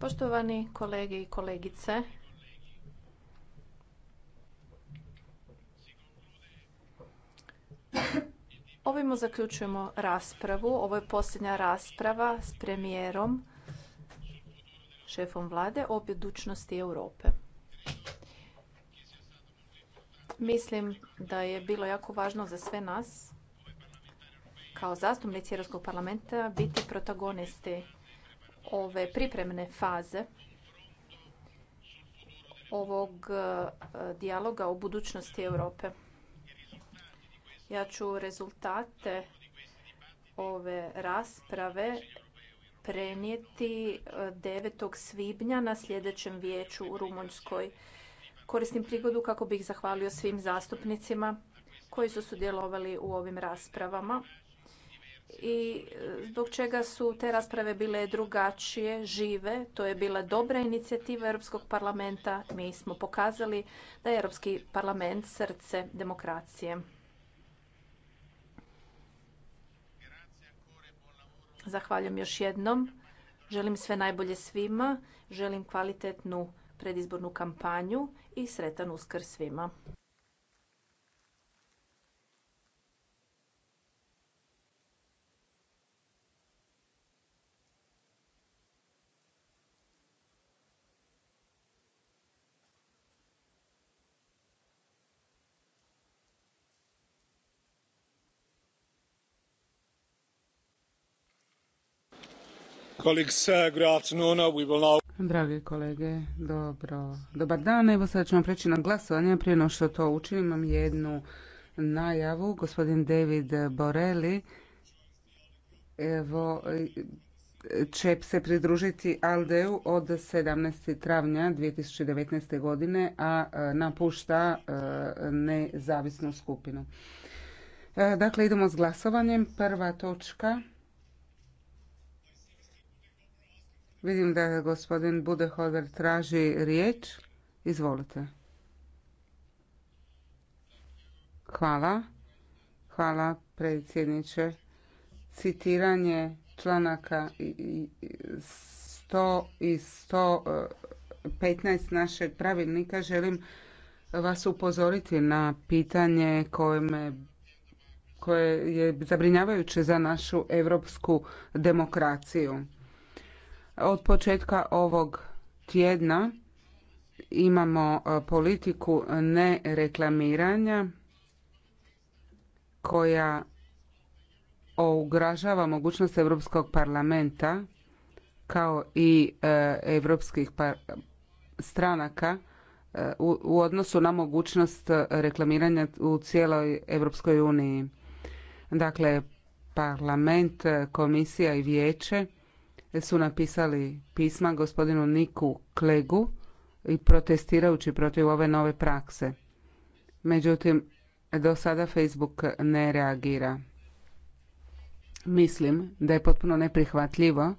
poštovani kolege i kolegice ovime zaključujemo raspravu ovo je posljednja rasprava s premijerom šefom vlade o budućnosti europe mislim da je bilo jako važno za sve nas kao zastupnici Europskog parlamenta biti protagonisti ove pripremne faze ovog e, dijaloga o budućnosti Europe. Ja ću rezultate ove rasprave prenijeti 9. E, svibnja na sljedećem vijeću u Rumunjskoj. Koristim prigodu kako bih zahvalio svim zastupnicima koji su sudjelovali u ovim raspravama i e, zbog čega su te rasprave bile drugačije, žive. To je bila dobra inicijativa Europskog parlamenta. Mi smo pokazali da je Europski parlament srce demokracije. Zahvaljujem još jednom. Želim sve najbolje svima. Želim kvalitetnu predizbornu kampanju i sretan uskr svima. Uh, uh, Dragi kolege, dobro. Dobar dan, evo sad ćemo preći na glasovanje. Prije no što to učinim, imam jednu najavu. Gospodin David Borelli evo, će se pridružiti Aldeu od 17. travnja 2019. godine, a e, napušta e, nezavisnu skupinu. E, dakle, idemo s glasovanjem. Prva točka. Vidim da gospodin Budehoder traži riječ. Izvolite. Hvala. Hvala predsjedniče. Citiranje članaka 100 i 115 našeg pravilnika želim vas upozoriti na pitanje koje me koje je zabrinjavajuće za našu europsku demokraciju. Od početka ovog tjedna imamo e, politiku reklamiranja koja ugražava mogućnost Europskog parlamenta kao i europskih stranaka e, u odnosu na mogućnost reklamiranja u cijeloj Europskoj uniji. Dakle, parlament, e, komisija i vijeće su napisali pisma gospodinu Niku Klegu i protestirajući protiv ove nove prakse. Međutim, do sada Facebook ne reagira. Mislim da je potpuno neprihvatljivo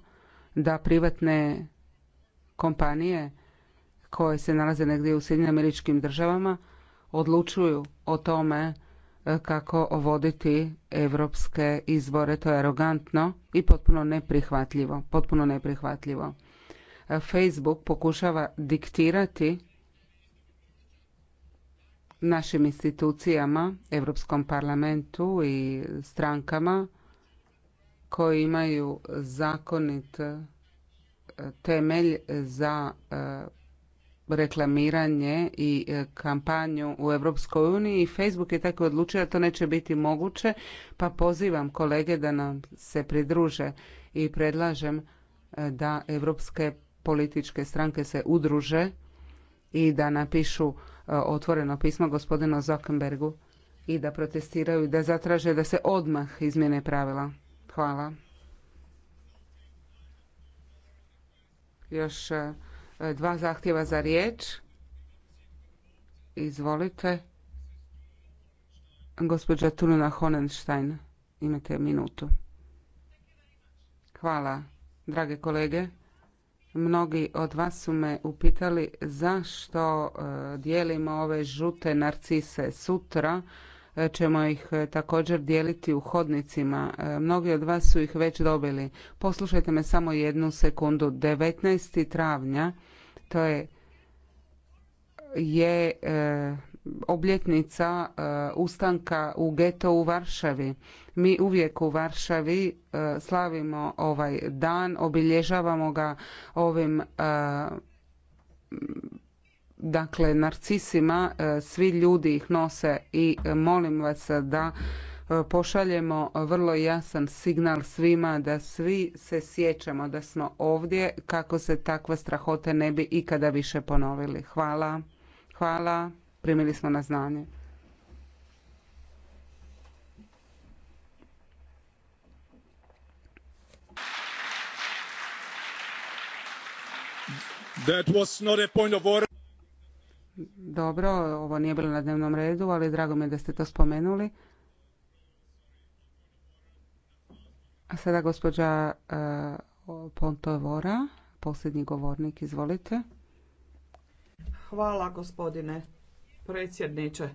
da privatne kompanije koje se nalaze negdje u Sjedinjenim američkim državama odlučuju o tome E, kako ovoditi europske izbore. To je arogantno i potpuno neprihvatljivo. Potpuno neprihvatljivo. E, Facebook pokušava diktirati našim institucijama, Europskom parlamentu i strankama koji imaju zakonit e, temelj za reklamiranje i e, kampanju u Europskoj uniji i Facebook je tako odlučio da to neće biti moguće, pa pozivam kolege da nam se pridruže i predlažem e, da europske političke stranke se udruže i da napišu e, otvoreno pismo gospodinu Zuckerbergu i da protestiraju i da zatraže da se odmah izmjene pravila. Hvala. Još dva zahtjeva za riječ. Izvolite. Gospođa Tununa Honenstein, imate minutu. Hvala, drage kolege. Mnogi od vas su me upitali zašto e, dijelimo ove žute narcise sutra e, ćemo ih e, također dijeliti u hodnicima. Mnogi od vas su ih već dobili. Poslušajte me samo jednu sekundu. 19. travnja to je je e, obljetnica e, ustanka u geto u Varšavi. Mi uvijek u Varšavi e, slavimo ovaj dan, obilježavamo ga ovim dakle narcisima, svi ljudi ih nose i molim vas da pošaljemo vrlo jasan signal svima da svi se sjećamo da smo ovdje kako se takve strahote ne bi ikada više ponovili. Hvala. Hvala. Primili smo na znanje. That was not a point of order. Dobro, ovo nije bilo na dnevnom redu, ali drago mi je da ste to spomenuli. A sada gospođa e, Pontovora, posljednji govornik, izvolite. Hvala gospodine predsjedniče.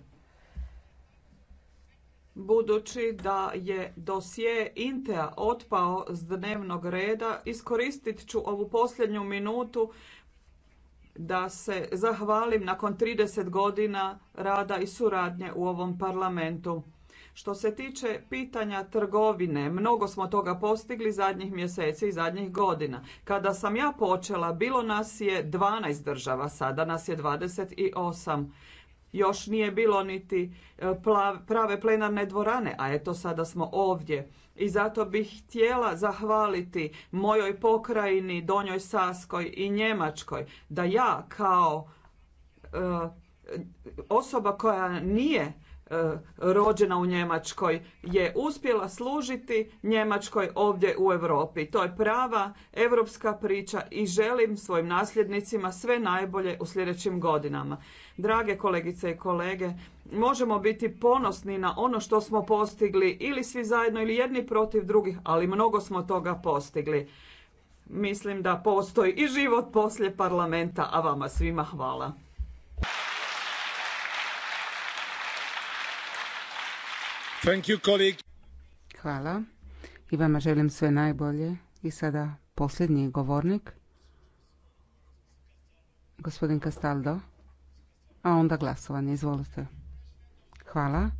Budući da je dosje Intea otpao s dnevnog reda, iskoristit ću ovu posljednju minutu da se zahvalim nakon 30 godina rada i suradnje u ovom parlamentu. Što se tiče pitanja trgovine, mnogo smo toga postigli zadnjih mjeseci i zadnjih godina. Kada sam ja počela, bilo nas je 12 država, sada nas je 28. Još nije bilo niti e, prave plenarne dvorane, a eto sada smo ovdje. I zato bih htjela zahvaliti mojoj pokrajini, Donjoj Saskoj i Njemačkoj, da ja kao e, osoba koja nije E, rođena u Njemačkoj je uspjela služiti Njemačkoj ovdje u Europi. To je prava europska priča i želim svojim nasljednicima sve najbolje u sljedećim godinama. Drage kolegice i kolege, možemo biti ponosni na ono što smo postigli ili svi zajedno ili jedni protiv drugih, ali mnogo smo toga postigli. Mislim da postoji i život poslije parlamenta, a vama svima hvala. Thank you, Hvala. I vama želim sve najbolje. I sada posljednji govornik, gospodin Castaldo, a onda glasovanje. Izvolite. Hvala.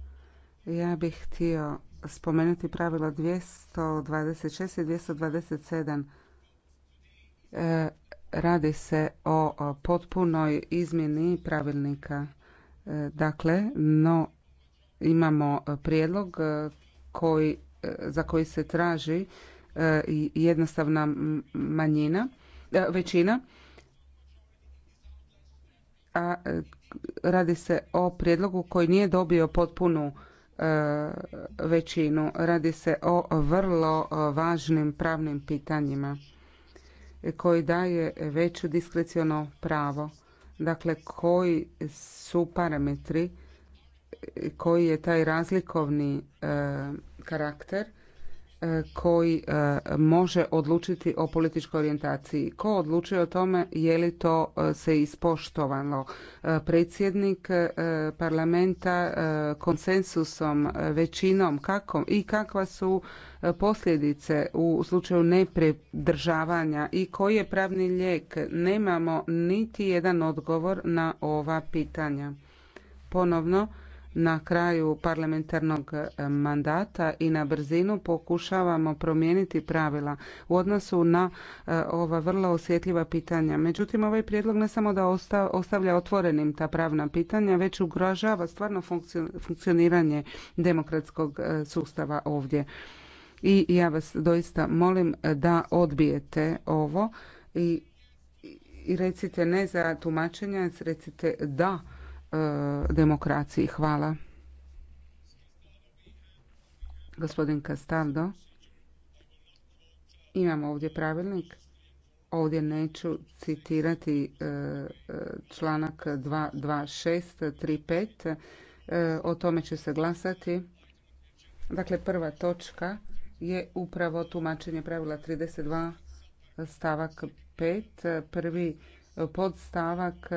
Ja bih htio spomenuti pravila 226 i 227. E, radi se o potpunoj izmjeni pravilnika. E, dakle, no imamo e, prijedlog e, koji, e, za koji se traži jednostavna manjina, većina, a radi se o prijedlogu koji nije dobio potpunu većinu. Radi se o vrlo važnim pravnim pitanjima koji daje veće diskreciono pravo. Dakle, koji su parametri koji je taj razlikovni e, karakter e, koji e, može odlučiti o političkoj orijentaciji. Ko odlučuje o tome je li to se ispoštovalo? Predsjednik parlamenta konsensusom, većinom kako, i kakva su posljedice u slučaju nepredržavanja i koji je pravni lijek? Nemamo niti jedan odgovor na ova pitanja. Ponovno, na kraju parlamentarnog e, mandata i na brzinu pokušavamo promijeniti pravila u odnosu na e, ova vrlo osjetljiva pitanja. Međutim, ovaj prijedlog ne samo da ostavlja otvorenim ta pravna pitanja, već ugrožava stvarno funkcioniranje demokratskog e, sustava ovdje. I ja vas doista molim da odbijete ovo i recite ne za tumačenja, recite da E, demokraciji. Hvala. Gospodin Castaldo. Imamo ovdje pravilnik. Ovdje neću citirati e, e, članak 22635. O tome će se glasati. Dakle, prva točka je upravo tumačenje pravila 32 stavak 5. Prvi podstavak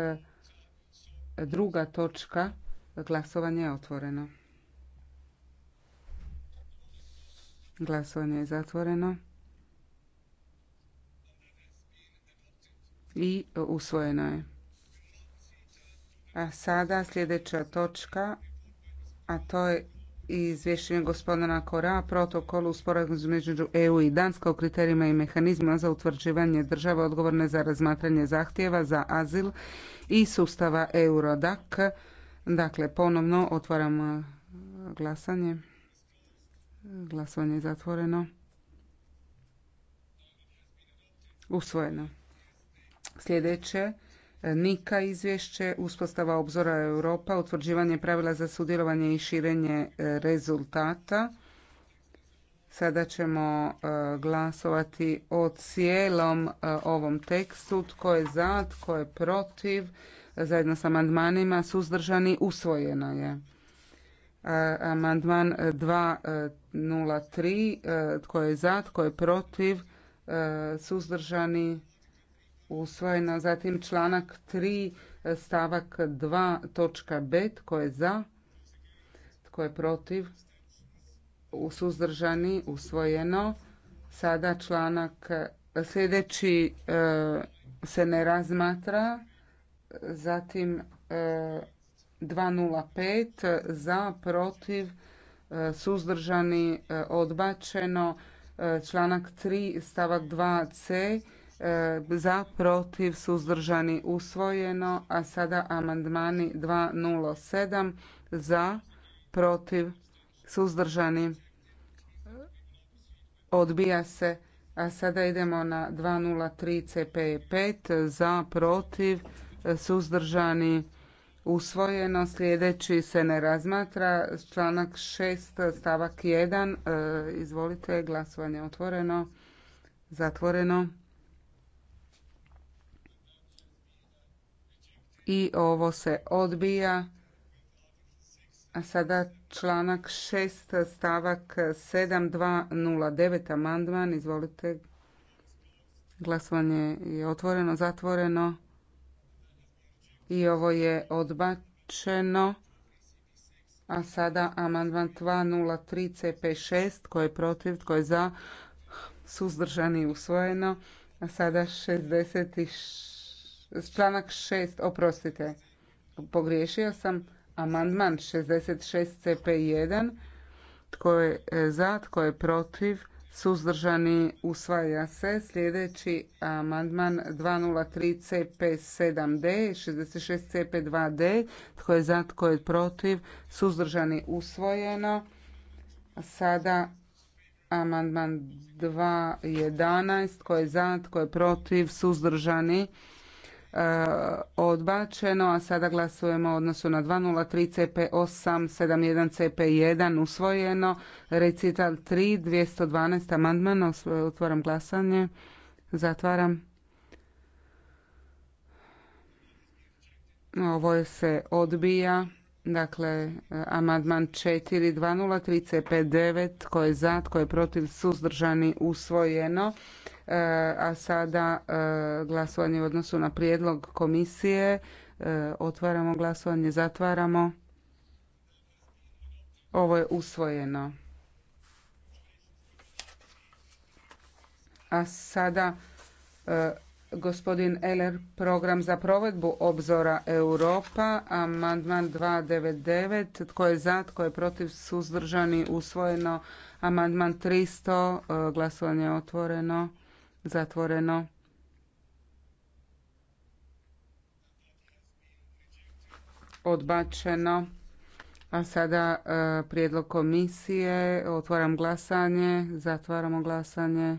Druga točka, glasovanje je otvoreno. Glasovanje je zatvoreno. I usvojeno je. A sada sljedeća točka, a to je izvješćenje gospodina Kora protokolu u sporazumu između EU i Danska o kriterijima i mehanizmima za utvrđivanje države odgovorne za razmatranje zahtjeva za azil i sustava Eurodac. Dakle, ponovno otvaram uh, glasanje. Glasovanje je zatvoreno. Usvojeno. Sljedeće Nika izvješće, uspostava obzora Europa, utvrđivanje pravila za sudjelovanje i širenje e, rezultata. Sada ćemo e, glasovati o cijelom e, ovom tekstu. Tko je za, tko je protiv, zajedno sa amandmanima, suzdržani, usvojeno je. Amandman 203, tko je za, tko je protiv, suzdržani, usvojeno. Zatim članak 3 stavak 2 točka b tko je za, tko je protiv, suzdržani, usvojeno. Sada članak sljedeći e, se ne razmatra. Zatim 205 e, za, protiv, e, suzdržani, odbačeno. Članak 3 stavak 2c E, za, protiv, suzdržani, usvojeno, a sada amandmani 207 za, protiv, suzdržani, odbija se, a sada idemo na 203 CP5 e za, protiv, suzdržani, usvojeno, sljedeći se ne razmatra, članak 6 stavak 1, e, izvolite, glasovanje otvoreno, zatvoreno. i ovo se odbija. A sada članak 6 stavak 7209 amandman. Izvolite. Glasovanje je otvoreno, zatvoreno. I ovo je odbačeno. A sada amandman 203 CP6. Tko je protiv, tko je za? Suzdržani usvojeno. A sada 66 članak 6, oprostite, pogriješio sam, amandman 66 CP1, tko je e, za, tko je protiv, suzdržani usvaja se. Sljedeći amandman 203 CP7D, 66 CP2D, tko je za, tko je protiv, suzdržani usvojeno. Sada amandman 211, tko je za, tko je protiv, suzdržani odbačeno, a sada glasujemo u odnosu na 203 CP8, 71 CP1 usvojeno, recital 3, 212 amandman, otvaram glasanje, zatvaram. Ovo se odbija. Dakle, e, amandman 4.2.0.3.5.9. 203, koji je za, tko je protiv, suzdržani, usvojeno. E, a sada e, glasovanje u odnosu na prijedlog komisije. otvaramo glasovanje, zatvaramo. Ovo je usvojeno. A sada Gospodin Eler, program za provedbu obzora Europa, amandman 299, tko je za, tko je protiv, suzdržani, usvojeno, amandman 300, e, glasovanje je otvoreno, zatvoreno. Odbačeno. A sada e, prijedlog komisije, otvaram glasanje, zatvaramo glasanje.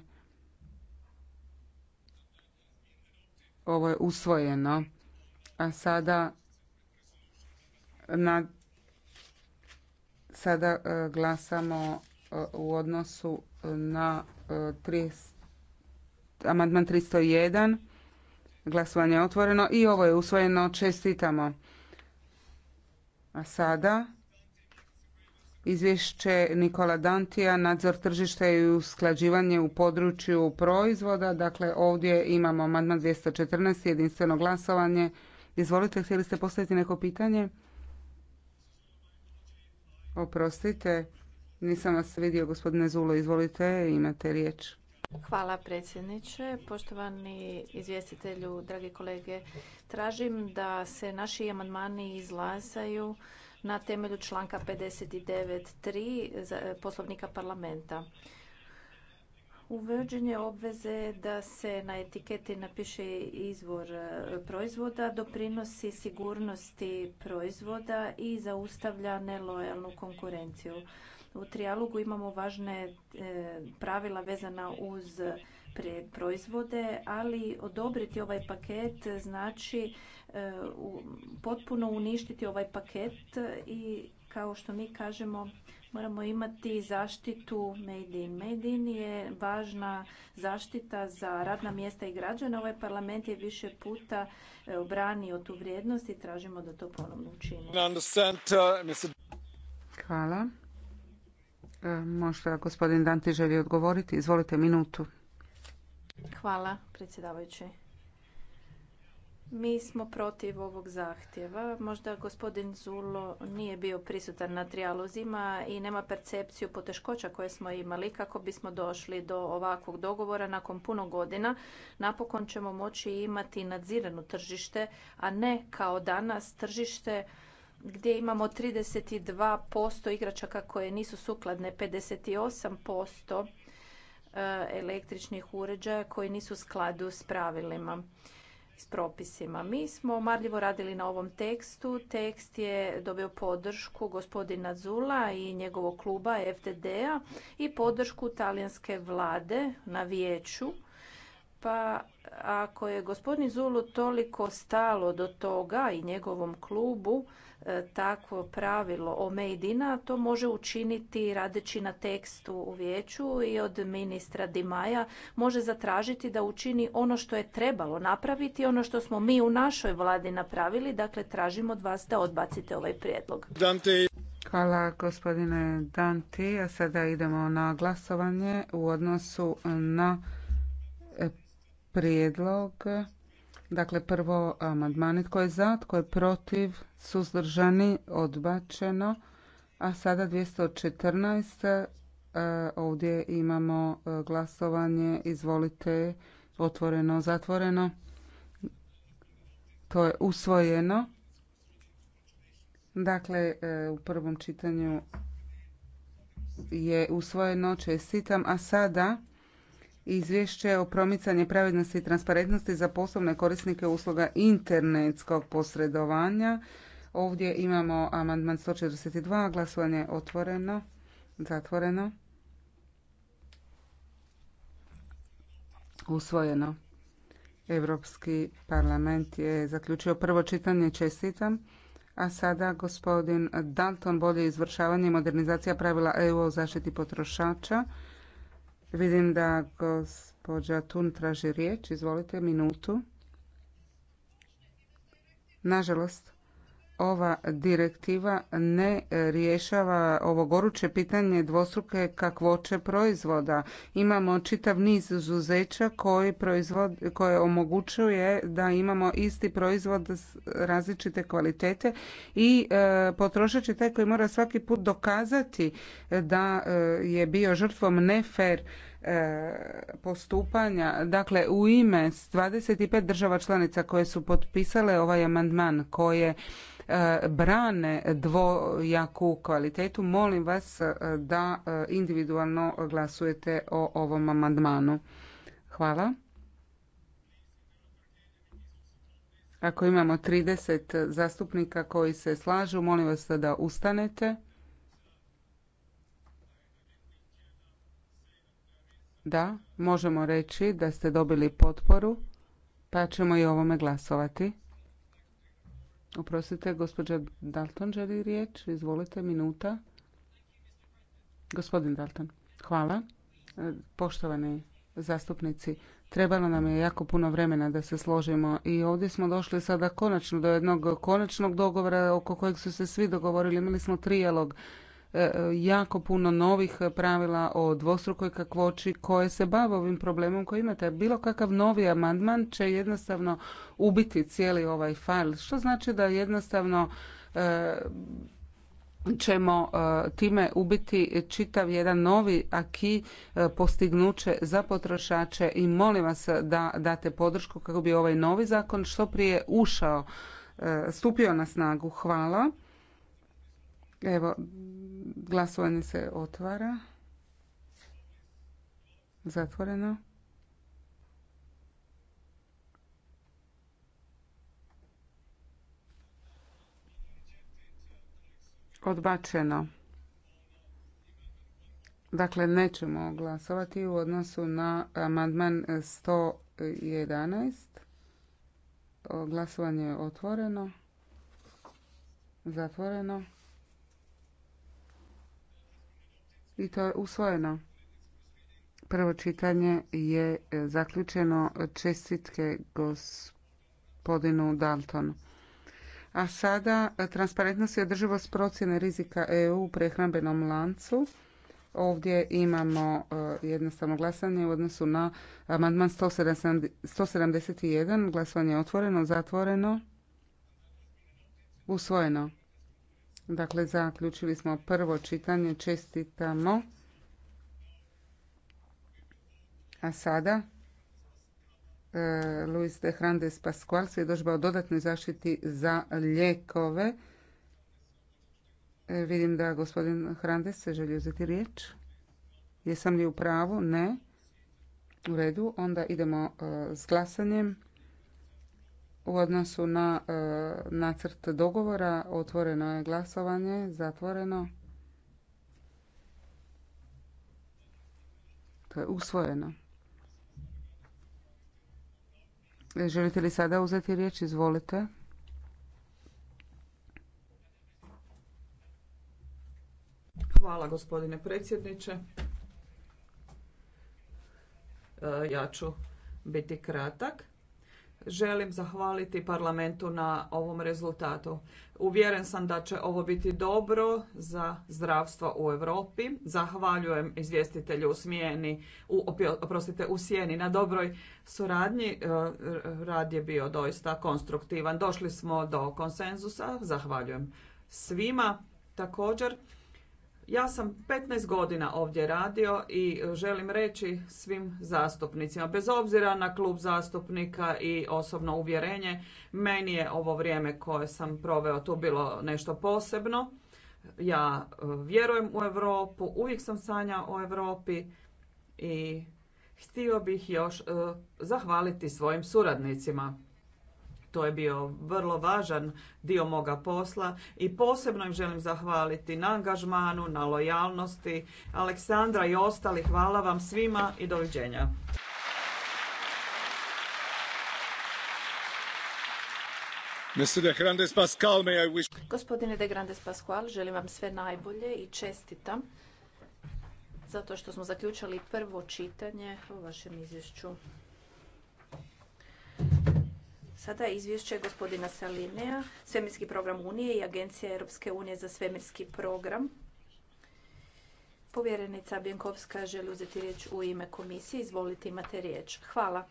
Ovo je usvojeno. A sada na sada e, glasamo e, u odnosu na e, amandman 301. Glasovanje je otvoreno i ovo je usvojeno. Čestitamo. A sada izvješće Nikola Dantija, nadzor tržišta i usklađivanje u području proizvoda. Dakle, ovdje imamo amandman 214, jedinstveno glasovanje. Izvolite, htjeli ste postaviti neko pitanje? Oprostite, nisam vas vidio, gospodine Zulo, izvolite, imate riječ. Hvala predsjedniče. Poštovani izvjestitelju, dragi kolege, tražim da se naši amandmani izlasaju na temelju članka 59.3 e, poslovnika parlamenta. Uvođenje obveze da se na etiketi napiše izvor e, proizvoda doprinosi sigurnosti proizvoda i zaustavlja nelojalnu konkurenciju. U trialogu imamo važne e, pravila vezana uz proizvode, ali odobriti ovaj paket znači potpuno uništiti ovaj paket i kao što mi kažemo moramo imati zaštitu Made in. Made in je važna zaštita za radna mjesta i građana. Ovaj parlament je više puta e, obranio tu vrijednost i tražimo da to ponovno učinimo. Uh, Hvala. E, možda gospodin Danti želi odgovoriti. Izvolite minutu. Hvala predsjedavajući. Mi smo protiv ovog zahtjeva. Možda gospodin Zulo nije bio prisutan na trijalozima i nema percepciju poteškoća koje smo imali kako bismo došli do ovakvog dogovora nakon puno godina. Napokon ćemo moći imati nadzirano tržište, a ne kao danas tržište gdje imamo 32% igračaka koje nisu sukladne, 58% e, električnih uređaja koji nisu u skladu s pravilima s propisima. Mi smo marljivo radili na ovom tekstu. Tekst je dobio podršku gospodina Zula i njegovog kluba FDD-a i podršku talijanske vlade na vijeću. Pa ako je gospodin Zulu toliko stalo do toga i njegovom klubu, E, takvo pravilo o Mejdina, to može učiniti radeći na tekstu u vijeću i od ministra Dimaja može zatražiti da učini ono što je trebalo napraviti, ono što smo mi u našoj vladi napravili, dakle tražimo od vas da odbacite ovaj prijedlog. Dante. Hvala gospodine Danti, a sada idemo na glasovanje u odnosu na prijedlog Dakle, prvo amandmane tko je za, tko je protiv, suzdržani, odbačeno. A sada 214. E, ovdje imamo e, glasovanje. Izvolite, otvoreno, zatvoreno. To je usvojeno. Dakle, e, u prvom čitanju je usvojeno, čestitam. A sada izvješće o promicanju pravednosti i transparentnosti za poslovne korisnike usluga internetskog posredovanja. Ovdje imamo amandman 142, glasovanje je otvoreno, zatvoreno. Usvojeno. Europski parlament je zaključio prvo čitanje, čestitam. A sada gospodin Dalton, bolje izvršavanje i modernizacija pravila EU o zaštiti potrošača. Vidim da gospođa Tun traži riječ. Izvolite minutu. Nažalost, ova direktiva ne rješava ovo goruće pitanje dvostruke kakvoće proizvoda. Imamo čitav niz izuzeća koji proizvod, koje omogućuje da imamo isti proizvod različite kvalitete i e, potrošač je taj koji mora svaki put dokazati da e, je bio žrtvom nefer e, postupanja. Dakle, u ime 25 država članica koje su potpisale ovaj amandman koje E, brane dvojaku kvalitetu, molim vas e, da e, individualno glasujete o ovom amandmanu. Hvala. Ako imamo 30 zastupnika koji se slažu, molim vas da ustanete. Da, možemo reći da ste dobili potporu, pa ćemo i ovome glasovati. Oprostite, gospođa Dalton želi riječ. Izvolite, minuta. Gospodin Dalton, hvala. E, poštovani zastupnici, trebalo nam je jako puno vremena da se složimo i ovdje smo došli sada konačno do jednog konačnog dogovora oko kojeg su se svi dogovorili. Imali smo trijalog E, e, jako puno novih pravila o dvostrukoj kakvoći koje se bave ovim problemom koji imate. Bilo kakav novi amandman će jednostavno ubiti cijeli ovaj fail. Što znači da jednostavno e, ćemo time ubiti čitav jedan novi aki postignuće za potrošače i molim vas da date podršku kako bi ovaj novi zakon što prije ušao, stupio na snagu. Hvala. Evo, glasovanje se otvara. Zatvoreno. Odbačeno. Dakle, nećemo glasovati u odnosu na amandman 111. Glasovanje je otvoreno. Zatvoreno. i to je usvojeno. Prvo čitanje je e, zaključeno čestitke gospodinu Daltonu. A sada e, transparentnost i održivost procjene rizika EU u prehrambenom lancu. Ovdje imamo e, jednostavno glasanje u odnosu na amandman 171. Glasovanje je otvoreno, zatvoreno, usvojeno. Dakle, zaključili smo prvo čitanje. Čestitamo. A sada e, Luis de Hrandes Pascual je o dodatnoj zaštiti za ljekove. E, vidim da gospodin Hrandes se želi uzeti riječ. Jesam li u pravu? Ne. U redu. Onda idemo e, s glasanjem. U odnosu na e, nacrt dogovora otvoreno je glasovanje, zatvoreno. To je usvojeno. E, želite li sada uzeti riječ? Izvolite. Hvala gospodine predsjedniče. E, ja ću biti kratak želim zahvaliti parlamentu na ovom rezultatu. Uvjeren sam da će ovo biti dobro za zdravstvo u Europi. Zahvaljujem izvjestitelju u smijeni, u, oprostite, u sjeni na dobroj suradnji. E, rad je bio doista konstruktivan. Došli smo do konsenzusa. Zahvaljujem svima također. Ja sam 15 godina ovdje radio i želim reći svim zastupnicima, bez obzira na klub zastupnika i osobno uvjerenje, meni je ovo vrijeme koje sam proveo tu bilo nešto posebno. Ja e, vjerujem u Europu, uvijek sam sanja o Europi i htio bih još e, zahvaliti svojim suradnicima. To je bio vrlo važan dio moga posla i posebno im želim zahvaliti na angažmanu, na lojalnosti. Aleksandra i ostali, hvala vam svima i doviđenja. De Gospodine de Grandes Pascual, želim vam sve najbolje i čestitam zato što smo zaključali prvo čitanje o vašem izvješću. Sada je izvješće gospodina Salinea, Svemirski program Unije i Agencija Europske unije za svemirski program. Povjerenica Bjenkovska želi uzeti riječ u ime komisije. Izvolite, imate riječ. Hvala.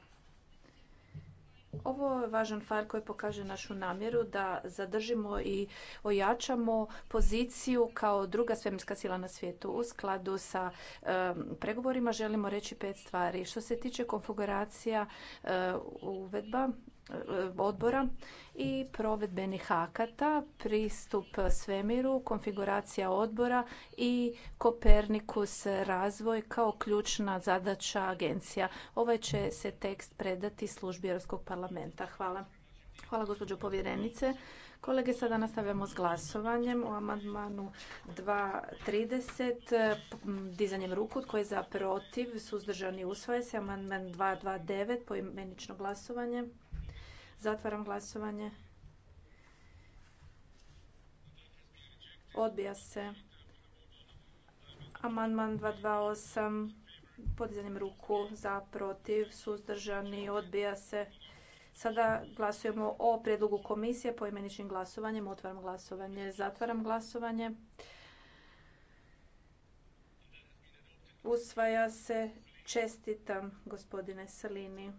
Ovo je važan far koji pokaže našu namjeru da zadržimo i ojačamo poziciju kao druga svemirska sila na svijetu. U skladu sa pregovorima želimo reći pet stvari. Što se tiče konfiguracija uvedba, odbora i provedbenih akata, pristup svemiru, konfiguracija odbora i Kopernikus razvoj kao ključna zadaća agencija. Ovaj će se tekst predati službi Europskog parlamenta. Hvala. Hvala gospođo povjerenice. Kolege, sada nastavljamo s glasovanjem o amandmanu 2.30. Dizanjem ruku, tko je za protiv, suzdržani usvoje se. Amandman 2.29, poimenično glasovanje. Zatvaram glasovanje. Odbija se. Amandman 228. Podizanjem ruku za protiv. Suzdržani. Odbija se. Sada glasujemo o prijedlogu komisije imeničnim glasovanjem. Otvaram glasovanje. Zatvaram glasovanje. Usvaja se. Čestitam gospodine Salini.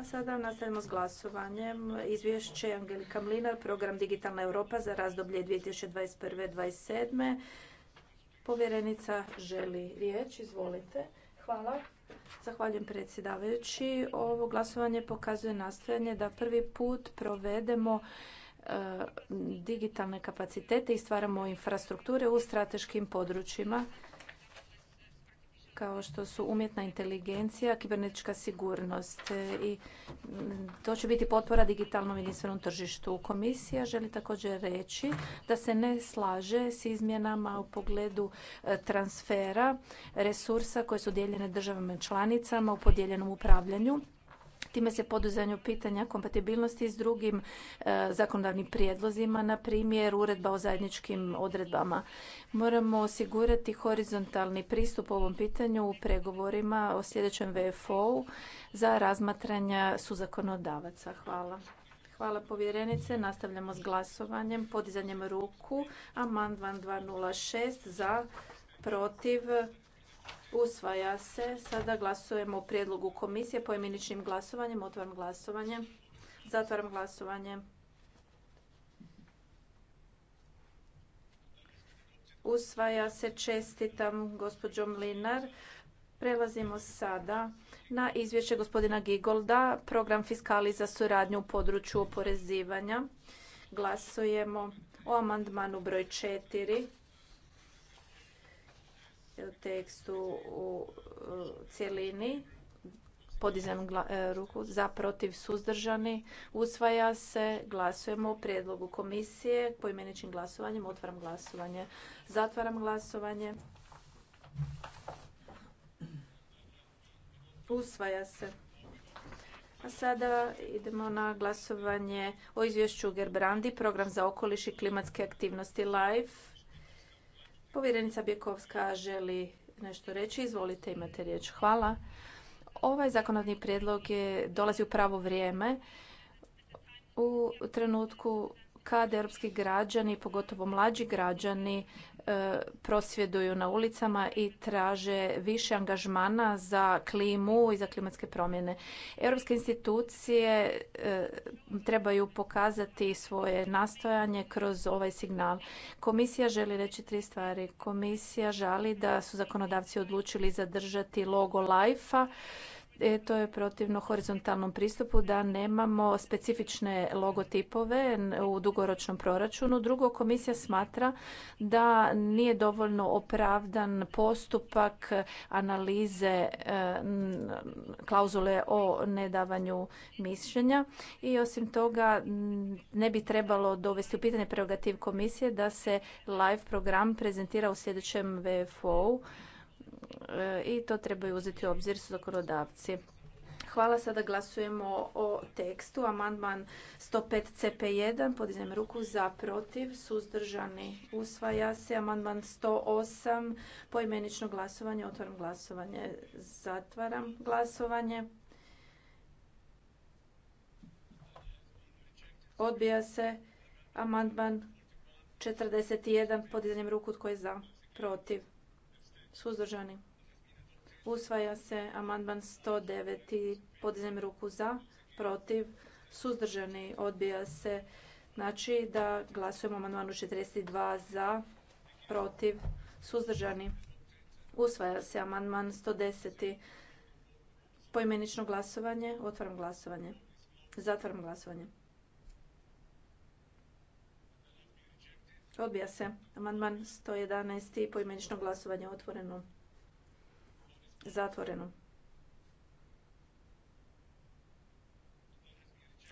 A sada nastavimo s glasovanjem. Izvješće Angelika Mlinar, program Digitalna Europa za razdoblje 2021-2027. Povjerenica želi riječ, izvolite. Hvala. Zahvaljujem predsjedavajući. Ovo glasovanje pokazuje nastojanje da prvi put provedemo e, digitalne kapacitete i stvaramo infrastrukture u strateškim područjima kao što su umjetna inteligencija, kibernetička sigurnost e, i to će biti potpora digitalnom jedinstvenom tržištu. Komisija želi također reći da se ne slaže s izmjenama u pogledu e, transfera resursa koje su dijeljene državama članicama u podijeljenom upravljanju Time se poduzanju pitanja kompatibilnosti s drugim e, zakonodavnim prijedlozima, na primjer uredba o zajedničkim odredbama. Moramo osigurati horizontalni pristup ovom pitanju u pregovorima o sljedećem VFO-u za razmatranja zakonodavaca. Hvala. Hvala povjerenice. Nastavljamo s glasovanjem, podizanjem ruku. Amandman 206 za, protiv, Usvaja se. Sada glasujemo o prijedlogu komisije poimeničnim glasovanjem. Otvaram glasovanje. Zatvaram glasovanje. Usvaja se. Čestitam gospođo Mlinar. Prelazimo sada na izvješće gospodina Gigolda, program fiskali za suradnju u području oporezivanja. Glasujemo o amandmanu broj četiri tekstu u cijelini. podizam e, ruku za protiv suzdržani usvaja se glasujemo o prijedlogu komisije poimeničnim glasovanjem otvaram glasovanje zatvaram glasovanje usvaja se a sada idemo na glasovanje o izvješću Gerbrandi program za okoliš i klimatske aktivnosti live Povjerenica Bjekovska želi nešto reći. Izvolite, imate riječ. Hvala. Ovaj zakonodni prijedlog je, dolazi u pravo vrijeme u trenutku kad europski građani, pogotovo mlađi građani, E, prosvjeduju na ulicama i traže više angažmana za klimu i za klimatske promjene. Europske institucije e, trebaju pokazati svoje nastojanje kroz ovaj signal. Komisija želi reći tri stvari. Komisija žali da su zakonodavci odlučili zadržati logo life E, to je protivno horizontalnom pristupu da nemamo specifične logotipove u dugoročnom proračunu. Drugo, komisija smatra da nije dovoljno opravdan postupak analize e, klauzule o nedavanju mišljenja i osim toga ne bi trebalo dovesti u pitanje prerogativ komisije da se live program prezentira u sljedećem VFO-u E, i to trebaju uzeti u obzir zakonodavci. Hvala, sada glasujemo o tekstu. Amandman 105 CP1, podizajem ruku za protiv, suzdržani usvaja se. Amandman 108, poimenično glasovanje, otvaram glasovanje, zatvaram glasovanje. Odbija se amandman 41, podizanjem ruku tko je za, protiv, suzdržani. Usvaja se amandman 109. Podizem ruku za, protiv, suzdržani. Odbija se. Znači da glasujemo amandmanu 42 za, protiv, suzdržani. Usvaja se amandman 110. Poimenično glasovanje. Otvaram glasovanje. Zatvaram glasovanje. Odbija se amandman 111. Poimenično glasovanje otvoreno. Zatvoreno.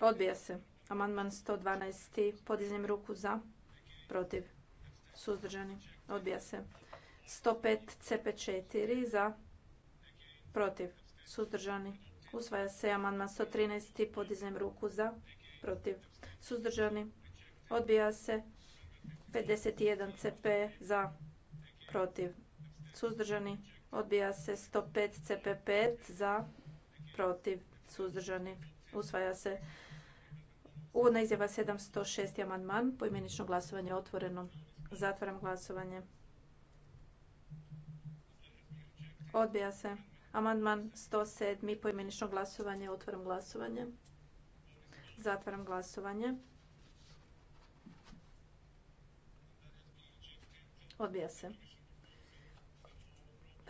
Odbija se. Amandman 112. Podiznem ruku za. Protiv. Suzdržani. Odbija se. 105 CP4 za. Protiv. Suzdržani. Usvaja se amandman 113. Podiznem ruku za. Protiv. Suzdržani. Odbija se. 51 CP za. Protiv. Suzdržani. Odbija se 105 CP5 za, protiv, suzdržani. Usvaja se uvodna izjava 706. amandman. Poimenično glasovanje otvoreno. Zatvaram glasovanje. Odbija se. Amandman 107. Poimenično glasovanje. Otvaram glasovanje. Zatvaram glasovanje. Odbija se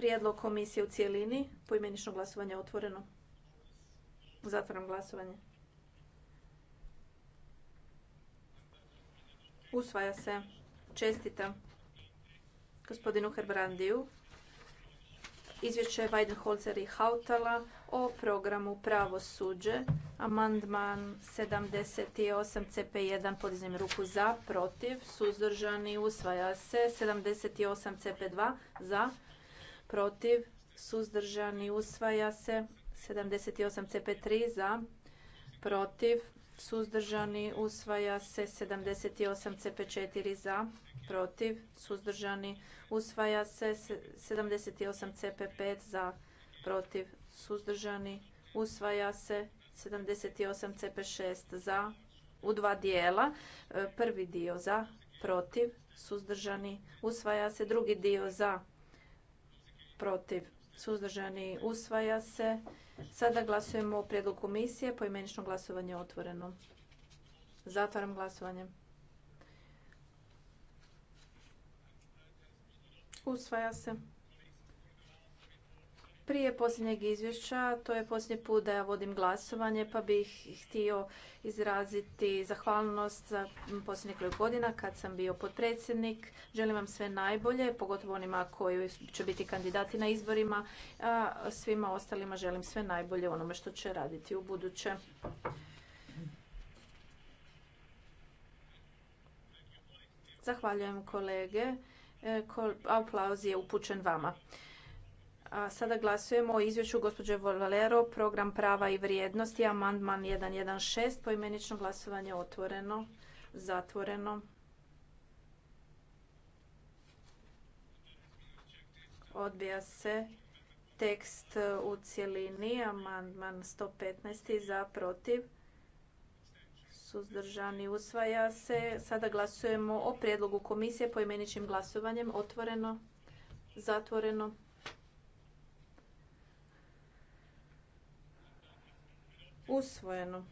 prijedlog komisije u cijelini. Poimenično glasovanje je otvoreno. Zatvaram glasovanje. Usvaja se. Čestitam gospodinu Herbrandiju. Izvješće Weidenholzer i Hautala o programu Pravosuđe. Amandman 78 CP1 Podizim ruku za, protiv, suzdržani, usvaja se. 78 CP2 za, protiv, suzdržani, usvaja se. 78 CP3 za, protiv, suzdržani, usvaja se. 78 CP4 za, protiv, suzdržani, usvaja se. 78 CP5 za, protiv, suzdržani, usvaja se. 78 CP6 za, u dva dijela. E, prvi dio za, protiv, suzdržani, usvaja se. Drugi dio za, protiv, suzdržani, usvaja se. Sada glasujemo o prijedlogu komisije, poimenično glasovanje otvoreno. Zatvaram glasovanje. Usvaja se. Prije posljednjeg izvješća, to je posljednji put da ja vodim glasovanje, pa bih htio izraziti zahvalnost za posljednjih nekoliko godina kad sam bio potpredsjednik. Želim vam sve najbolje, pogotovo onima koji će biti kandidati na izborima. A svima ostalima želim sve najbolje onome što će raditi u buduće. Zahvaljujem kolege. E, aplauz je upućen vama. A sada glasujemo o izvješću gospođe Valero, program prava i vrijednosti, amandman 116, poimenično glasovanje otvoreno, zatvoreno. Odbija se tekst u cjelini, amandman 115 za protiv suzdržani usvaja se. Sada glasujemo o prijedlogu komisije poimeničnim glasovanjem. Otvoreno, zatvoreno. usvojeno.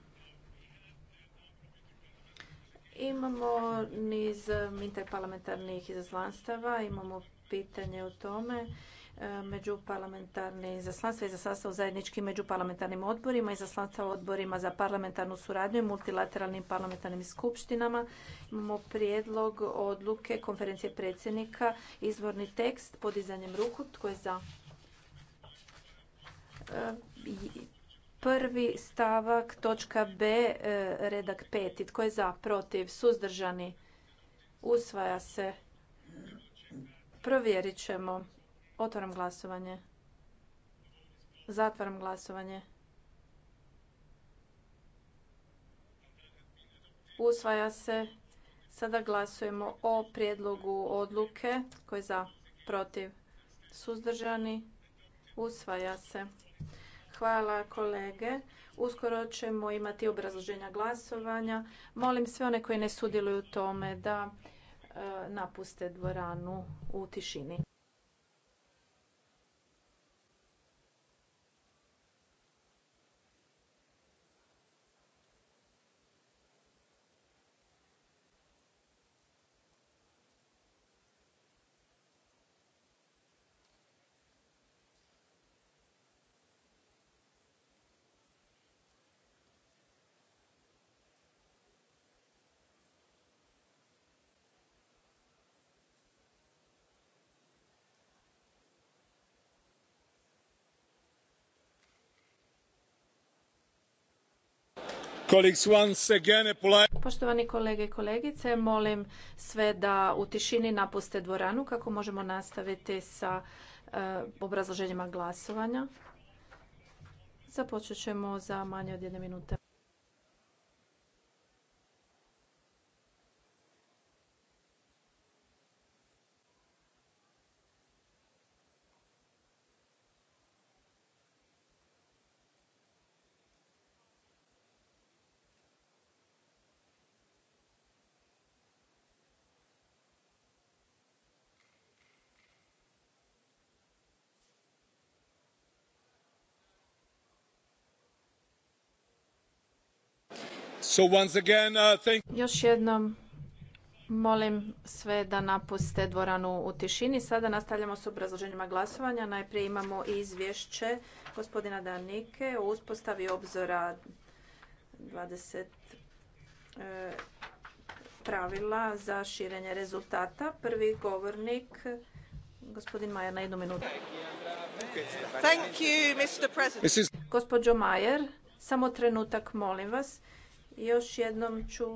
Imamo niz um, interparlamentarnih izaslanstava, imamo pitanje o tome Među um, međuparlamentarne izaslanstva, izaslanstva u zajedničkim parlamentarnim odborima, izaslanstva u odborima za parlamentarnu suradnju i multilateralnim parlamentarnim skupštinama. Imamo prijedlog odluke konferencije predsjednika, izvorni tekst podizanjem ruku. Tko je za? Um, Prvi stavak, točka B, e, redak peti. Tko je za, protiv, suzdržani? Usvaja se. Provjerit ćemo. Otvaram glasovanje. Zatvaram glasovanje. Usvaja se. Sada glasujemo o prijedlogu odluke. Tko je za, protiv, suzdržani? Usvaja se. Hvala kolege. Uskoro ćemo imati obrazloženja glasovanja. Molim sve one koji ne sudjeluju u tome da e, napuste dvoranu u tišini. Poštovani kolege i kolegice, molim sve da u tišini napuste dvoranu kako možemo nastaviti sa e, obrazloženjima glasovanja. Započet ćemo za manje od jedne minute. Uh, Još jednom molim sve da napuste dvoranu u tišini. Sada nastavljamo s obrazloženjima glasovanja. Najprije imamo izvješće gospodina Danike o uspostavi obzora 20 e, pravila za širenje rezultata. Prvi govornik, gospodin Majer, na jednu minutu. Gospođo Majer, samo trenutak, molim vas. Još jednom ću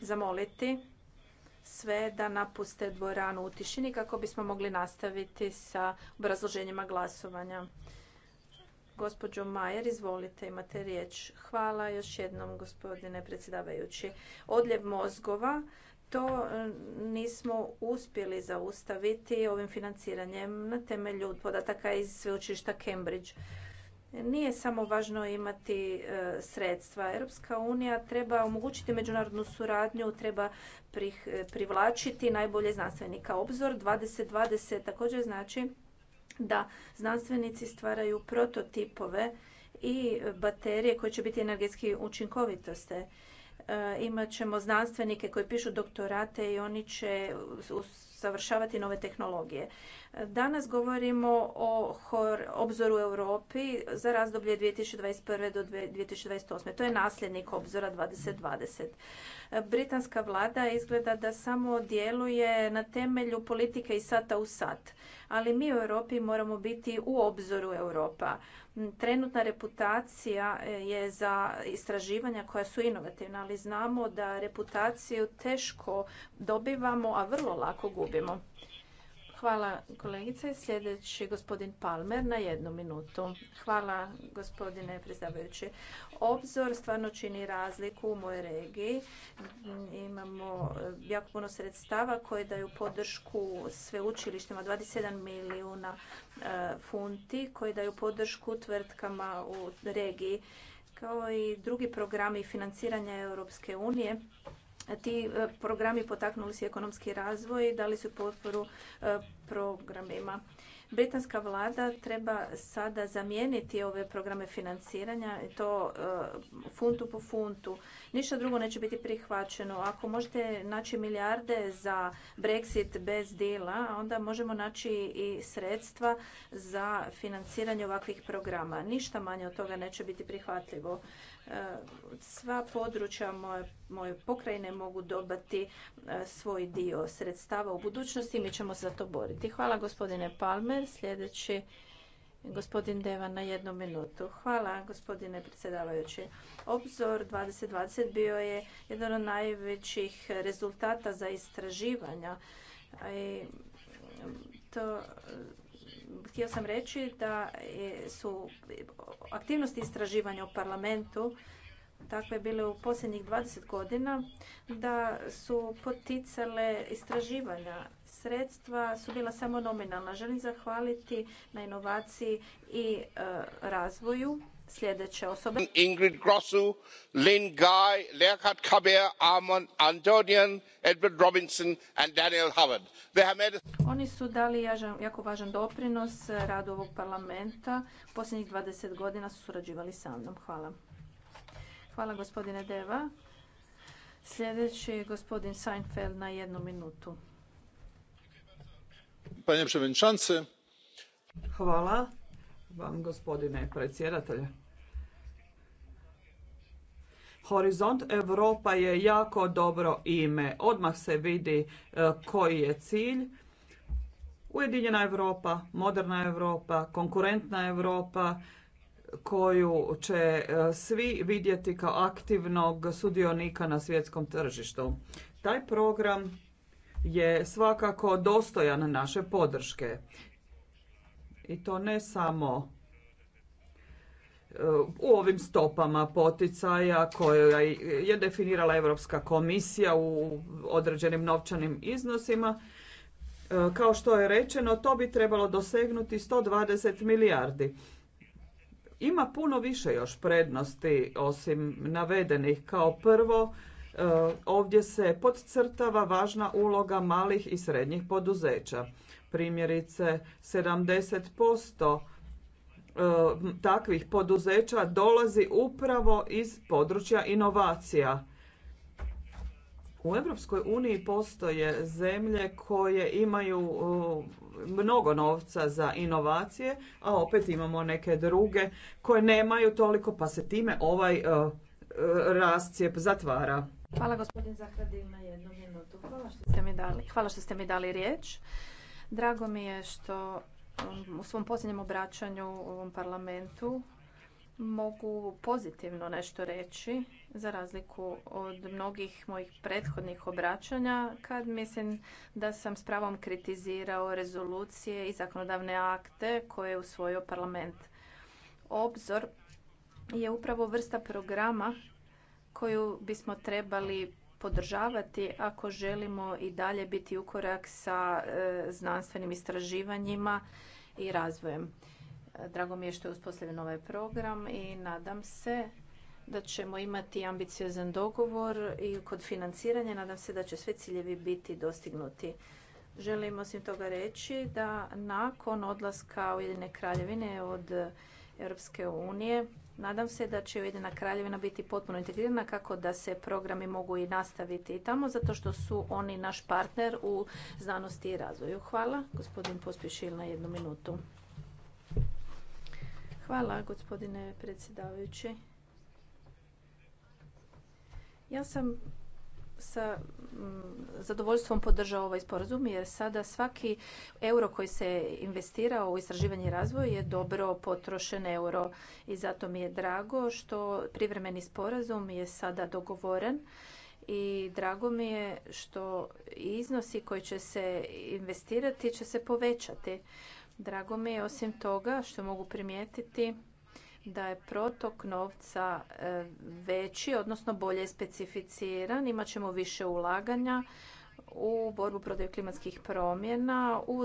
zamoliti sve da napuste dvoranu u tišini kako bismo mogli nastaviti sa obrazloženjima glasovanja. Gospođo Majer, izvolite, imate riječ. Hvala još jednom, gospodine predsjedavajući. Odljev mozgova, to eh, nismo uspjeli zaustaviti ovim financiranjem na temelju podataka iz sveučilišta Cambridge. Nije samo važno imati e, sredstva. Europska unija treba omogućiti međunarodnu suradnju, treba e, privlačiti najbolje znanstvenika. Obzor 2020 također znači da znanstvenici stvaraju prototipove i baterije koje će biti energetski učinkovitoste. E, imat ćemo znanstvenike koji pišu doktorate i oni će usavršavati nove tehnologije. Danas govorimo o obzoru Europi za razdoblje 2021. do 2028. To je nasljednik obzora 2020. Britanska vlada izgleda da samo djeluje na temelju politike i sata u sat. Ali mi u Europi moramo biti u obzoru Europa. Trenutna reputacija e, je za istraživanja koja su inovativna, ali znamo da reputaciju teško dobivamo, a vrlo lako gubimo. Hvala kolegice. Sljedeći gospodin Palmer na jednu minutu. Hvala gospodine predsjedavajući. Obzor stvarno čini razliku u mojoj regiji. Imamo e, jako puno sredstava koje daju podršku sveučilištima, 27 milijuna e, funti koje daju podršku tvrtkama u regiji kao i drugi programi financiranja Europske unije ti e, programi potaknuli su ekonomski razvoj i dali su potporu e, programima Britanska vlada treba sada zamijeniti ove programe financiranja i to e, funtu po funtu. Ništa drugo neće biti prihvaćeno. Ako možete naći milijarde za Brexit bez dila, onda možemo naći i sredstva za financiranje ovakvih programa. Ništa manje od toga neće biti prihvatljivo e, sva područja moje, pokrajine mogu dobati e, svoj dio sredstava u budućnosti i mi ćemo se za to boriti. Hvala gospodine Palme. Sljedeći Gospodin Deva na jednu minutu. Hvala gospodine predsjedavajući. Obzor 2020 bio je jedan od najvećih rezultata za istraživanja. I to, htio sam reći da su aktivnosti istraživanja u parlamentu takve bile u posljednjih 20 godina da su poticale istraživanja sredstva su bila samo nominalna. Želim zahvaliti na inovaciji i e, razvoju sljedeće osobe. Ingrid Grossu, Lynn Guy, Armon Edward Robinson and Daniel Howard. Oni su dali jako važan doprinos radu ovog parlamenta. Posljednjih 20 godina su surađivali sa mnom. Hvala. Hvala gospodine Deva. Sljedeći je gospodin Seinfeld na jednu minutu gospodine predsjedatelju. Horizont Europa je jako dobro ime. Odmah se vidi e, koji je cilj. Ujedinjena Europa, moderna Europa, konkurentna Europa koju će e, svi vidjeti kao aktivnog sudionika na svjetskom tržištu. Taj program je svakako dostojan naše podrške. I to ne samo e, u ovim stopama poticaja koje je definirala Europska komisija u određenim novčanim iznosima. E, kao što je rečeno, to bi trebalo dosegnuti 120 milijardi. Ima puno više još prednosti osim navedenih. Kao prvo, E, ovdje se podcrtava važna uloga malih i srednjih poduzeća. Primjerice, 70% e, takvih poduzeća dolazi upravo iz područja inovacija. U Europskoj uniji postoje zemlje koje imaju e, mnogo novca za inovacije, a opet imamo neke druge koje nemaju toliko, pa se time ovaj rascijep zatvara. Hvala gospodin Zahradi, na jednu minutu. Hvala što ste mi dali, hvala što ste mi dali riječ. Drago mi je što um, u svom posljednjem obraćanju u ovom parlamentu mogu pozitivno nešto reći za razliku od mnogih mojih prethodnih obraćanja kad mislim da sam s pravom kritizirao rezolucije i zakonodavne akte koje je usvojio parlament. Obzor je upravo vrsta programa koju bismo trebali podržavati ako želimo i dalje biti u korak sa e, znanstvenim istraživanjima i razvojem. Drago mi je što je uspostavljen ovaj program i nadam se da ćemo imati ambiciozan dogovor i kod financiranja nadam se da će sve ciljevi biti dostignuti. Želim osim toga reći da nakon odlaska Ujedine kraljevine od Europske unije Nadam se da će Ujedina kraljevina biti potpuno integrirana kako da se programi mogu i nastaviti i tamo zato što su oni naš partner u znanosti i razvoju. Hvala. Gospodin pospješil na jednu minutu. Hvala gospodine predsjedavajući. Ja sam sa mm, zadovoljstvom podržao ovaj sporazum jer sada svaki euro koji se investirao u istraživanje i razvoj je dobro potrošen euro i zato mi je drago što privremeni sporazum je sada dogovoren i drago mi je što iznosi koji će se investirati će se povećati. Drago mi je osim toga što mogu primijetiti da je protok novca e, veći, odnosno bolje specificiran. Imaćemo više ulaganja u borbu protiv klimatskih promjena, u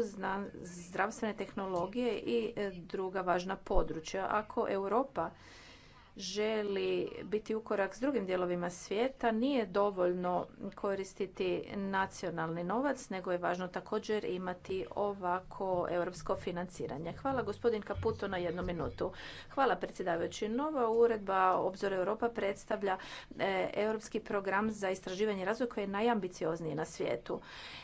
zdravstvene tehnologije i e, druga važna područja. Ako Europa želi biti u korak s drugim dijelovima svijeta nije dovoljno koristiti nacionalni novac nego je važno također imati ovako europsko financiranje. Hvala gospodin Kaputo na jednu minutu. Hvala predsjedavajući. Nova uredba Obzor Europa predstavlja e, europski program za istraživanje i razvoj koji je najambiciozniji na svijetu.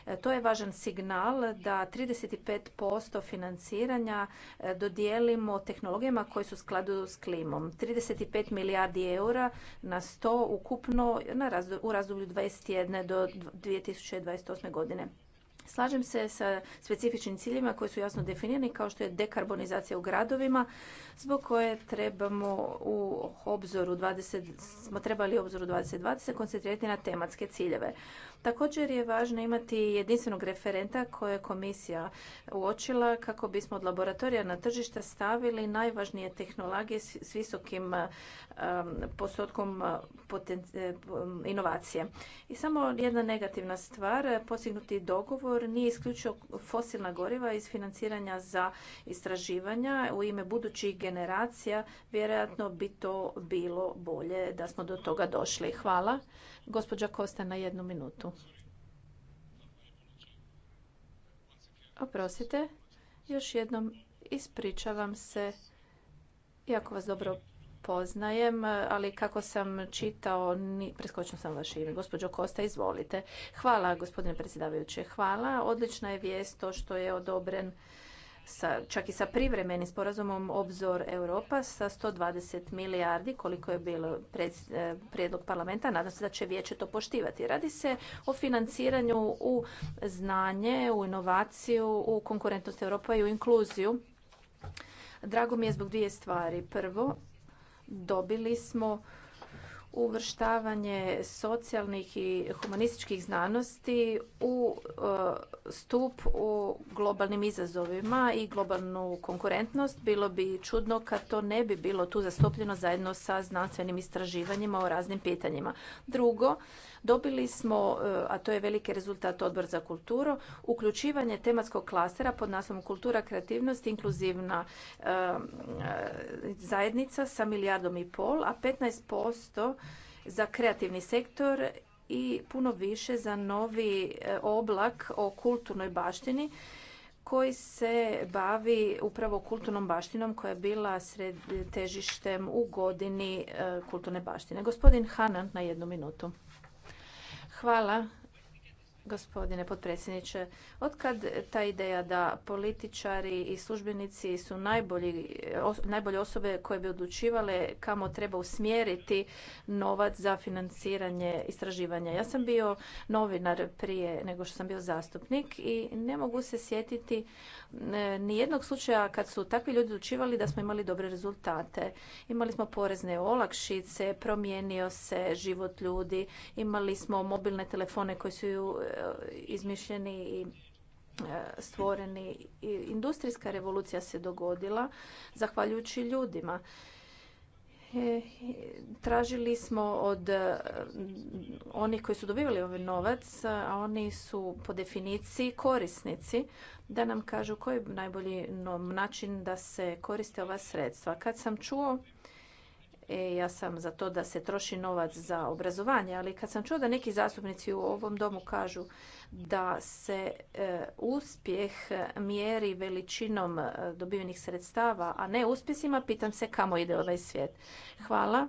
E, to je važan signal da 35% financiranja e, dodijelimo tehnologijama koje su u skladu s klimom. 25 milijardi eura na 100 ukupno u razdoblju 21 do 2028. godine. Slažem se sa specifičnim ciljima koji su jasno definirani kao što je dekarbonizacija u gradovima zbog koje trebamo u obzoru 20, smo trebali u obzoru 2020 koncentrirati na tematske ciljeve. Također je važno imati jedinstvenog referenta koje je komisija uočila kako bismo od laboratorija na tržišta stavili najvažnije tehnologije s visokim um, postotkom uh, uh, inovacije. I samo jedna negativna stvar, postignuti dogovor nije isključio fosilna goriva iz financiranja za istraživanja. U ime budućih generacija vjerojatno bi to bilo bolje da smo do toga došli. Hvala. Gospođa Kosta na jednu minutu. Oprostite, još jednom ispričavam se. Jako vas dobro poznajem, ali kako sam čitao, preskočio sam vaše ime. Gospođo Kosta, izvolite. Hvala, gospodine predsjedavajuće. Hvala. Odlična je vijest to što je odobren sa, čak i sa privremenim sporazumom Obzor Europa sa 120 milijardi koliko je bilo e, prijedlog parlamenta. Nadam se da će vijeće to poštivati. Radi se o financiranju u znanje, u inovaciju, u konkurentnost Europa i u inkluziju. Drago mi je zbog dvije stvari. Prvo, dobili smo uvrštavanje socijalnih i humanističkih znanosti u e, stup u globalnim izazovima i globalnu konkurentnost. Bilo bi čudno kad to ne bi bilo tu zastupljeno zajedno sa znanstvenim istraživanjima o raznim pitanjima. Drugo, Dobili smo, eh, a to je veliki rezultat odbor za kulturu, uključivanje tematskog klastera pod naslovom kultura, kreativnost, inkluzivna eh, eh, zajednica sa milijardom i pol, a 15% za kreativni sektor i puno više za novi oblak o kulturnoj baštini koji se bavi upravo kulturnom baštinom koja je bila sred težištem u godini kulturne baštine. Gospodin Hanan na jednu minutu. Hvala Gospodine potpredsjedniče, otkad ta ideja da političari i službenici su najbolji, najbolje osobe koje bi odlučivale kamo treba usmjeriti novac za financiranje istraživanja? Ja sam bio novinar prije nego što sam bio zastupnik i ne mogu se sjetiti e, ni jednog slučaja kad su takvi ljudi odlučivali da smo imali dobre rezultate. Imali smo porezne olakšice, promijenio se život ljudi, imali smo mobilne telefone koji su E, izmišljeni i e, stvoreni. Industrijska revolucija se dogodila zahvaljujući ljudima. E, tražili smo od onih koji su dobivali ovaj novac, a oni su po definiciji korisnici, da nam kažu koji je najbolji način da se koriste ova sredstva. Kad sam čuo E, ja sam za to da se troši novac za obrazovanje, ali kad sam čuo da neki zastupnici u ovom domu kažu da se e, uspjeh mjeri veličinom e, dobivenih sredstava, a ne uspjesima, pitam se kamo ide ovaj svijet. Hvala.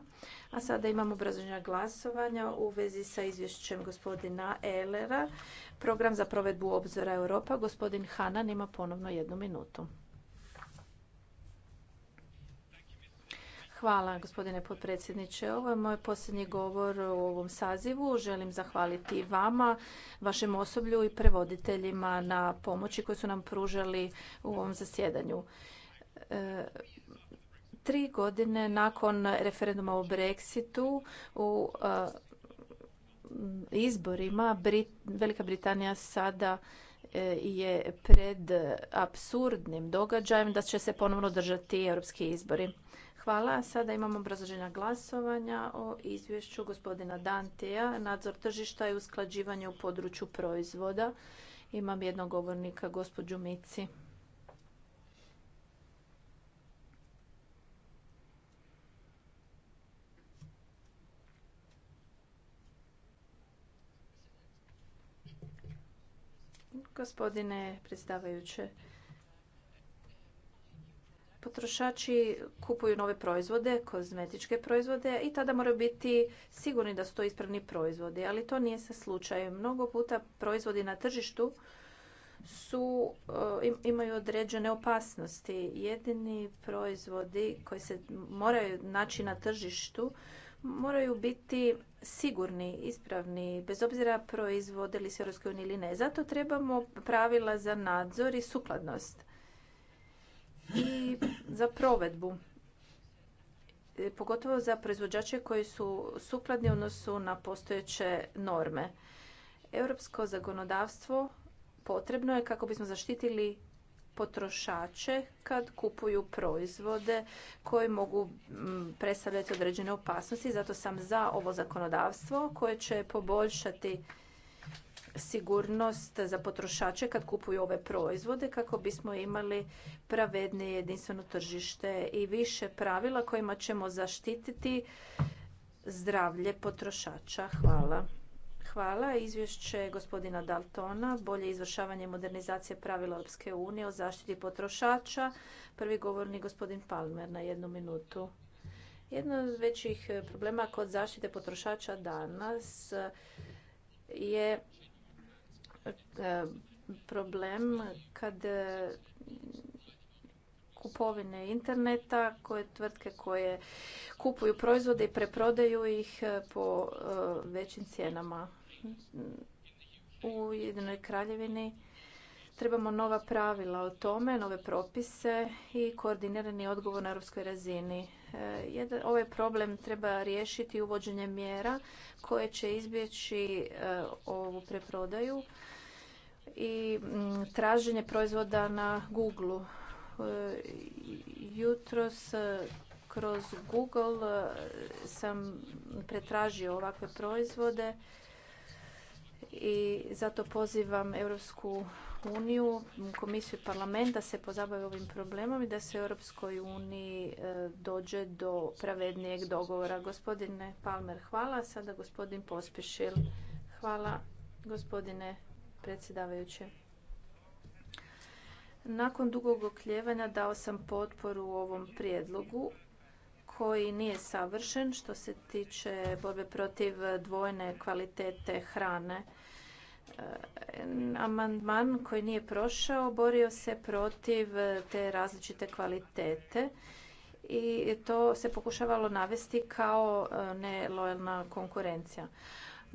A sada imamo obrazovanja glasovanja u vezi sa izvješćem gospodina Elera. Program za provedbu obzora Europa. Gospodin Hanan ima ponovno jednu minutu. Hvala gospodine potpredsjedniče. Ovo je moj posljednji govor u ovom sazivu. Želim zahvaliti vama, vašem osoblju i prevoditeljima na pomoći koju su nam pružali u ovom zasjedanju. E, tri godine nakon referenduma o Brexitu u e, izborima Velika Britanija sada e, je pred apsurdnim događajem da će se ponovno držati europski izbori. Hvala. Sada imamo obrazloženja glasovanja o izvješću gospodina Dantija. Nadzor tržišta i usklađivanje u području proizvoda. Imam jednog govornika, gospođu Mici. Gospodine predstavajuće. Potrošači kupuju nove proizvode, kozmetičke proizvode i tada moraju biti sigurni da su to ispravni proizvodi, ali to nije sa slučaj. Mnogo puta proizvodi na tržištu su, e, imaju određene opasnosti. Jedini proizvodi koji se moraju naći na tržištu moraju biti sigurni, ispravni, bez obzira proizvode li se EU ili ne. Zato trebamo pravila za nadzor i sukladnost i za provedbu e, pogotovo za proizvođače koji su sukladni odnosu na postojeće norme. Europsko zakonodavstvo potrebno je kako bismo zaštitili potrošače kad kupuju proizvode koji mogu predstavljati određene opasnosti. Zato sam za ovo zakonodavstvo koje će poboljšati sigurnost za potrošače kad kupuju ove proizvode kako bismo imali pravednije jedinstveno tržište i više pravila kojima ćemo zaštititi zdravlje potrošača. Hvala. Hvala. Izvješće gospodina Daltona, bolje izvršavanje modernizacije pravila Europske unije o zaštiti potrošača. Prvi govorni gospodin Palmer na jednu minutu. Jedno od većih problema kod zaštite potrošača danas je E, problem kad e, kupovine interneta koje tvrtke koje kupuju proizvode i preprodaju ih e, po većim cijenama. U Jedinoj kraljevini trebamo nova pravila o tome, nove propise i koordinirani odgovor na europskoj razini. ovaj problem treba riješiti uvođenjem mjera koje će izbjeći ovu preprodaju i mm, traženje proizvoda na Google. E, jutros e, kroz Google e, sam pretražio ovakve proizvode i zato pozivam Europsku uniju, komisiju i parlament da se pozabave ovim problemom i da se u Europskoj uniji dođe do pravednijeg dogovora. Gospodine Palmer, hvala. Sada gospodin Pospišil. Hvala gospodine predsjedavajući. Nakon dugog okljevanja dao sam potporu ovom prijedlogu koji nije savršen što se tiče borbe protiv dvojne kvalitete hrane. E, amandman koji nije prošao borio se protiv te različite kvalitete i to se pokušavalo navesti kao e, nelojalna konkurencija.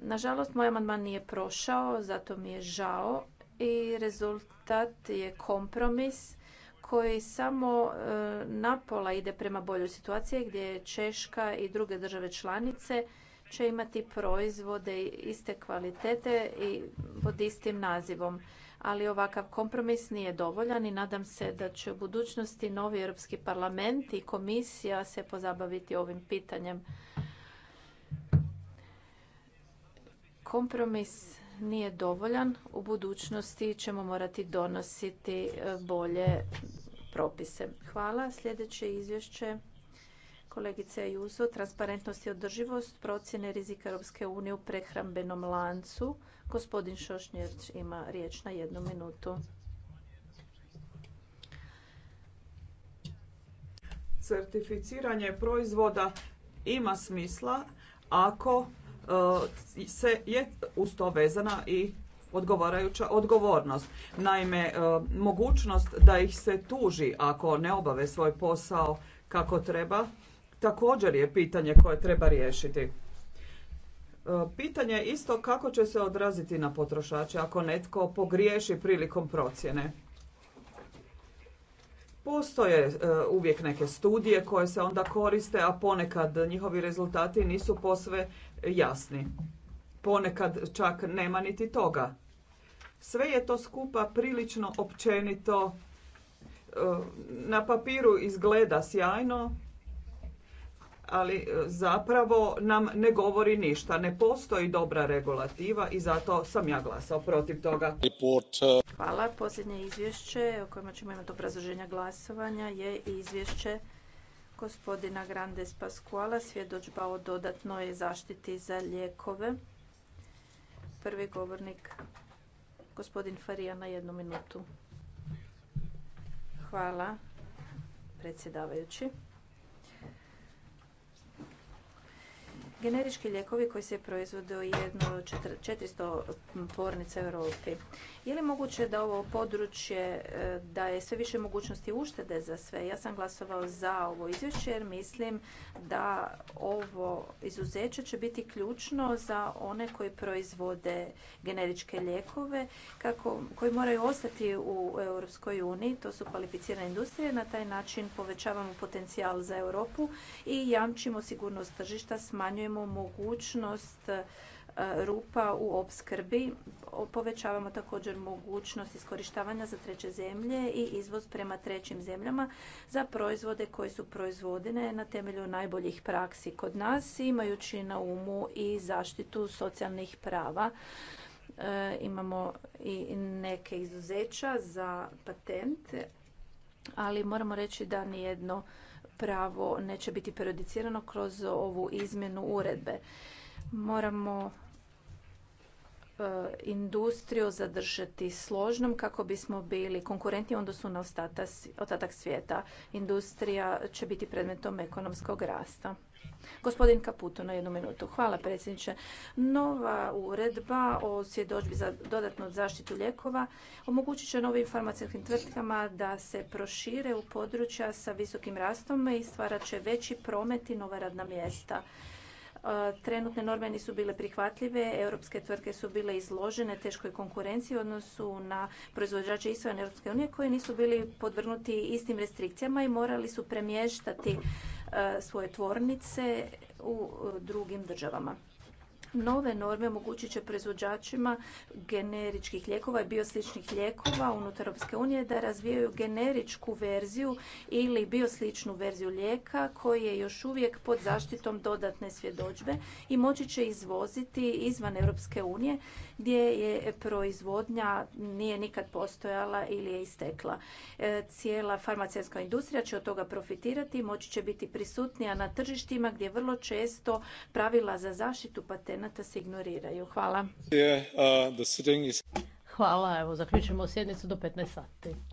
Nažalost, moj amandman nije prošao, zato mi je žao i rezultat je kompromis koji samo e, napola ide prema boljoj situaciji gdje Češka i druge države članice će imati proizvode iste kvalitete i pod istim nazivom. Ali ovakav kompromis nije dovoljan i nadam se da će u budućnosti novi Europski parlament i komisija se pozabaviti ovim pitanjem. kompromis nije dovoljan u budućnosti ćemo morati donositi e, bolje propise. Hvala. Sljedeće izvješće kolegice Juso, transparentnost i održivost procjene rizika Europske unije u prehrambenom lancu. Gospodin Šošnjerć ima riječ na jednu minutu. Certificiranje proizvoda ima smisla ako E, se je uz to vezana i odgovarajuća odgovornost. Naime, e, mogućnost da ih se tuži ako ne obave svoj posao kako treba, također je pitanje koje treba riješiti. E, pitanje je isto kako će se odraziti na potrošače ako netko pogriješi prilikom procjene. Postoje uvijek neke studije koje se onda koriste, a ponekad njihovi rezultati nisu posve jasni. Ponekad čak nema niti toga. Sve je to skupa prilično općenito. E, na papiru izgleda sjajno, ali e, zapravo nam ne govori ništa. Ne postoji dobra regulativa i zato sam ja glasao protiv toga. E. Hvala. Posljednje izvješće o kojima ćemo imati obrazoženja glasovanja je izvješće gospodina Grandes Pascuala svjedočba o dodatnoj zaštiti za lijekove. Prvi govornik, gospodin Farija na jednu minutu. Hvala, predsjedavajući. generički lijekovi koji se proizvode u jedno 400 tvornica u Europi. Je li moguće da ovo područje e, daje sve više mogućnosti uštede za sve? Ja sam glasovao za ovo izvješće jer mislim da ovo izuzeće će biti ključno za one koji proizvode generičke lijekove koji moraju ostati u Europskoj uniji. To su kvalificirane industrije. Na taj način povećavamo potencijal za Europu i jamčimo sigurnost tržišta, smanjujemo mogućnost e, rupa u opskrbi. Povećavamo također mogućnost iskorištavanja za treće zemlje i izvoz prema trećim zemljama za proizvode koji su proizvodene na temelju najboljih praksi kod nas, imajući na umu i zaštitu socijalnih prava. E, imamo i neke izuzeća za patente, ali moramo reći da nijedno pravo neće biti periodicirano kroz ovu izmjenu uredbe. Moramo e, industriju zadržati složnom kako bismo bili konkurentni u odnosu na ostatak svijeta. Industrija će biti predmetom ekonomskog rasta. Gospodin Kaputo, na jednu minutu. Hvala predsjedniče. Nova uredba o svjedočbi za dodatnu zaštitu lijekova omogućit će novim farmaceutskim tvrtkama da se prošire u područja sa visokim rastom i stvarat će veći promet i nova radna mjesta e, trenutne norme nisu bile prihvatljive, europske tvrtke su bile izložene teškoj konkurenciji u odnosu na proizvođače izvan Europske unije koji nisu bili podvrnuti istim restrikcijama i morali su premještati svoje tvornice u drugim državama. Nove norme omogućit će proizvođačima generičkih lijekova i biosličnih lijekova unutar Europske unije da razvijaju generičku verziju ili biosličnu verziju lijeka koji je još uvijek pod zaštitom dodatne svjedodžbe i moći će izvoziti izvan Europske unije gdje je proizvodnja nije nikad postojala ili je istekla. E, cijela farmaceutska industrija će od toga profitirati i moći će biti prisutnija na tržištima gdje vrlo često pravila za zaštitu patenata elemenata se ignoriraju. Hvala. Uh, Hvala, evo zaključujemo sjednicu do 15 sati.